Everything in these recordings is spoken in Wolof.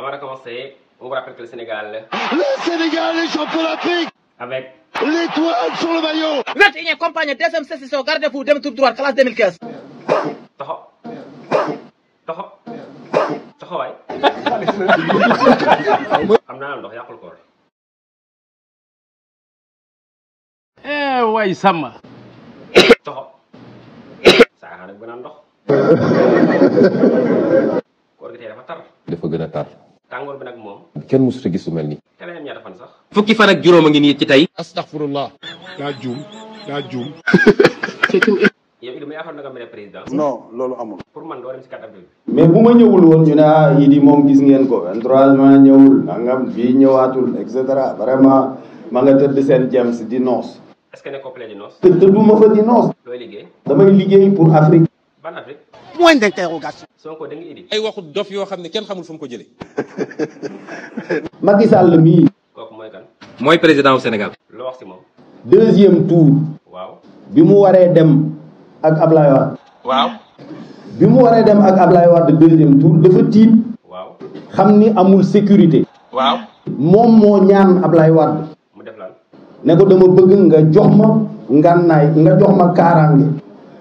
Avant de commencer, on vous rappelle que le Sénégal. Le Sénégal est champion d'Afrique Avec. L'étoile sur le maillot 21e compagnie, deuxième session, gardez-vous, demi tour droite, classe 2015. Taxaw. Taxaw. Taxawaay. Am naa ndox yàqul koor. Eh waay sàmm. Taxaw. Saa nag bu naan ndox. Koor gi tey dafa tar. dafa gën a tar. tàngoor bi nag moom. kenn mosut gis lu mel nii. te fan sax. fukki fan ak juróom ngi nii ci tey. astaghfirullah. daa juum daa juum. yow Idy ma yaakaar nga mel ne non loolu amul. pour man doo dem si 4 avril. mais bu ma ñëwul ñu ne ah Idy moom gis ngeen ko nangam et cetera vraiment ma nga di est ce que fa di damay pour Afrique. ban Afrique point d'interrogation. Macky Sall mi moy kan? président au Sénégal. deuxième tour. Wow. bi mu dem ak Ablaye Wade. Wow. bi mu dem ak Ablaye Wade deuxième tour dafa tiim. waaw xam amul sécurité. Wow. Mom mo ñaan Ablaye Wade. mu def lan ne ko dama bëgg nga jox ma nganaay nga jox ma karangé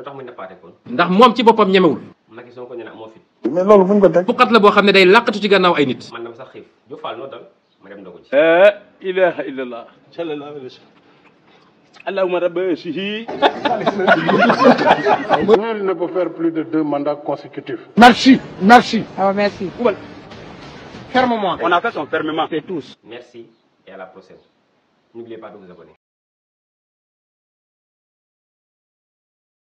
lu tax mu nappaate kon ndax mom ci bopam ñemewul Macky Sonko nee na amoo fit mais lolu fu ko ko teg kat la bo xam day laqatu ci gannaaw ay nit man dama sax xif ju fal no dal ma dem ndogu ci eh, ilaha illallah sallallahu alayhi wasallam Allahumma rabbi sihi nul ne peut faire plus de deux mandats consécutifs merci merci ah merci Oubal ferme-moi eh. on a fait son fermement c'est tous merci et à la prochaine n'oubliez pas de vous abonner